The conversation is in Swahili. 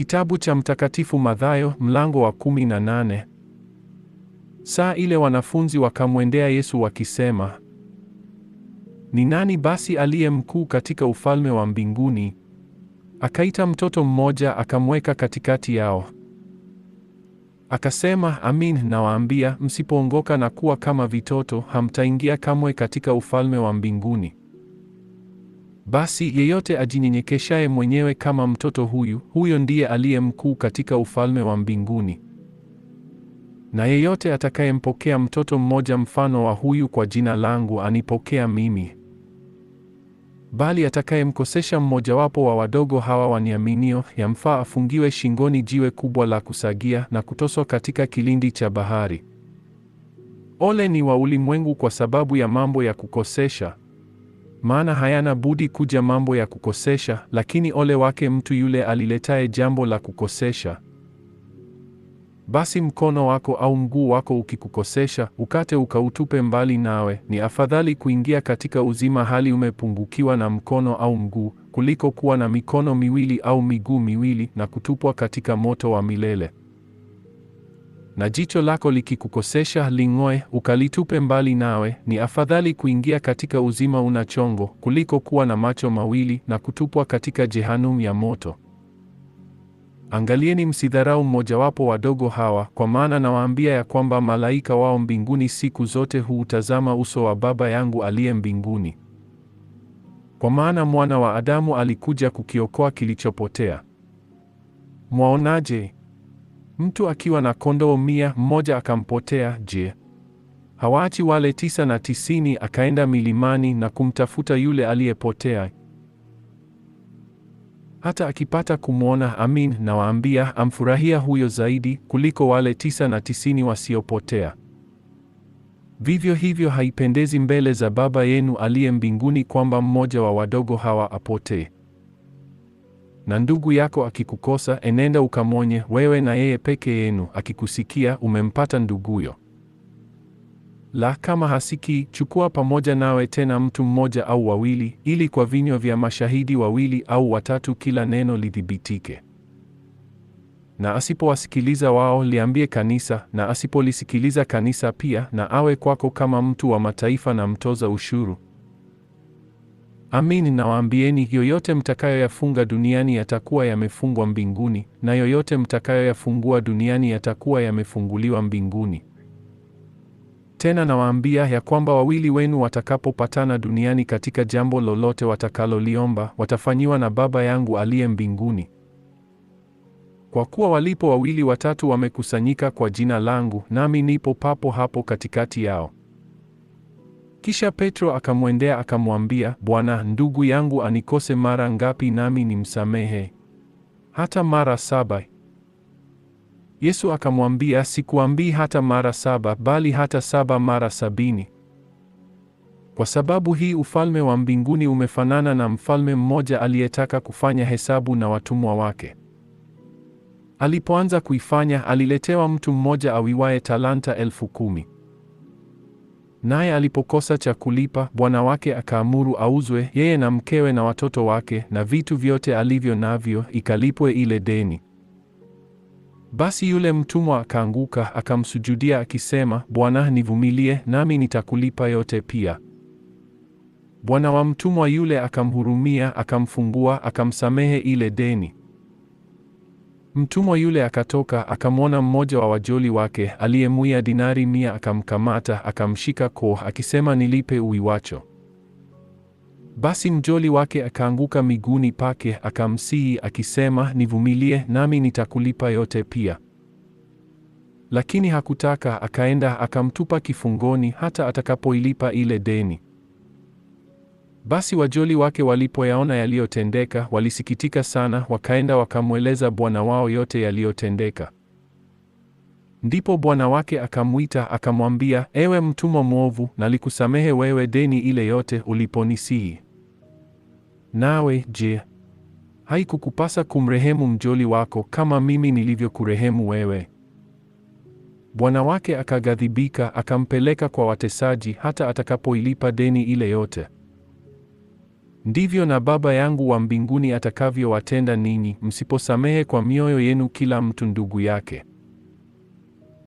Kitabu cha Mtakatifu Mathayo mlango wa kumi na nane. Saa ile wanafunzi wakamwendea Yesu wakisema, Ni nani basi aliye mkuu katika ufalme wa mbinguni? Akaita mtoto mmoja akamweka katikati yao. Akasema, Amin nawaambia, msipoongoka na kuwa kama vitoto, hamtaingia kamwe katika ufalme wa mbinguni. Basi yeyote ajinyenyekeshaye mwenyewe kama mtoto huyu, huyo ndiye aliye mkuu katika ufalme wa mbinguni. Na yeyote atakayempokea mtoto mmoja mfano wa huyu kwa jina langu, anipokea mimi. Bali atakayemkosesha mmojawapo wa wadogo hawa waniaminio, yamfaa afungiwe shingoni jiwe kubwa la kusagia na kutoswa katika kilindi cha bahari. Ole ni wa ulimwengu kwa sababu ya mambo ya kukosesha maana hayana budi kuja mambo ya kukosesha, lakini ole wake mtu yule aliletaye jambo la kukosesha. Basi mkono wako au mguu wako ukikukosesha, ukate ukautupe mbali nawe. Ni afadhali kuingia katika uzima hali umepungukiwa na mkono au mguu, kuliko kuwa na mikono miwili au miguu miwili na kutupwa katika moto wa milele na jicho lako likikukosesha ling'oe, ukalitupe mbali nawe. Ni afadhali kuingia katika uzima una chongo kuliko kuwa na macho mawili na kutupwa katika jehanamu ya moto. Angalieni, msidharau mmojawapo wadogo hawa, kwa maana nawaambia ya kwamba malaika wao mbinguni siku zote huutazama uso wa Baba yangu aliye mbinguni. Kwa maana mwana wa Adamu alikuja kukiokoa kilichopotea. Mwaonaje? mtu akiwa na kondoo mia, mmoja akampotea, je, hawaachi wale tisa na tisini akaenda milimani na kumtafuta yule aliyepotea? Hata akipata kumwona, amin nawaambia, amfurahia huyo zaidi kuliko wale tisa na tisini wasiopotea. Vivyo hivyo haipendezi mbele za Baba yenu aliye mbinguni kwamba mmoja wa wadogo hawa apotee. Na ndugu yako akikukosa, enenda ukamwonye, wewe na yeye peke yenu. Akikusikia umempata nduguyo. La, kama hasikii, chukua pamoja nawe tena mtu mmoja au wawili, ili kwa vinywa vya mashahidi wawili au watatu kila neno lithibitike. Na asipowasikiliza wao, liambie kanisa; na asipolisikiliza kanisa pia, na awe kwako kama mtu wa mataifa na mtoza ushuru. Amin nawaambieni, yoyote mtakayoyafunga duniani yatakuwa yamefungwa mbinguni, na yoyote mtakayoyafungua duniani yatakuwa yamefunguliwa mbinguni. Tena nawaambia ya kwamba wawili wenu watakapopatana duniani katika jambo lolote watakaloliomba, watafanyiwa na Baba yangu aliye mbinguni. Kwa kuwa walipo wawili watatu wamekusanyika kwa jina langu, nami nipo papo hapo katikati yao. Kisha Petro akamwendea akamwambia, Bwana, ndugu yangu anikose mara ngapi nami nimsamehe? Hata mara saba? Yesu akamwambia, sikuambii hata mara saba, bali hata saba mara sabini. Kwa sababu hii ufalme wa mbinguni umefanana na mfalme mmoja aliyetaka kufanya hesabu na watumwa wake. Alipoanza kuifanya, aliletewa mtu mmoja awiwaye talanta elfu kumi. Naye alipokosa cha kulipa, bwana wake akaamuru auzwe, yeye na mkewe na watoto wake na vitu vyote alivyo navyo, ikalipwe ile deni. Basi yule mtumwa akaanguka, akamsujudia akisema, Bwana, nivumilie, nami nitakulipa yote pia. Bwana wa mtumwa yule akamhurumia, akamfungua, akamsamehe ile deni. Mtumwa yule akatoka akamwona mmoja wa wajoli wake aliyemwia dinari mia, akamkamata akamshika koo, akisema nilipe uiwacho. Basi mjoli wake akaanguka miguuni pake, akamsihi akisema, nivumilie nami nitakulipa yote pia. Lakini hakutaka, akaenda akamtupa kifungoni hata atakapoilipa ile deni. Basi wajoli wake walipoyaona yaliyotendeka, walisikitika sana, wakaenda wakamweleza bwana wao yote yaliyotendeka. Ndipo bwana wake akamwita akamwambia, ewe mtumwa mwovu, nalikusamehe wewe deni ile yote uliponisihi. Nawe je, haikukupasa kumrehemu mjoli wako kama mimi nilivyokurehemu wewe? Bwana wake akaghadhibika, akampeleka kwa watesaji hata atakapoilipa deni ile yote ndivyo na Baba yangu wa mbinguni atakavyowatenda ninyi msiposamehe kwa mioyo yenu kila mtu ndugu yake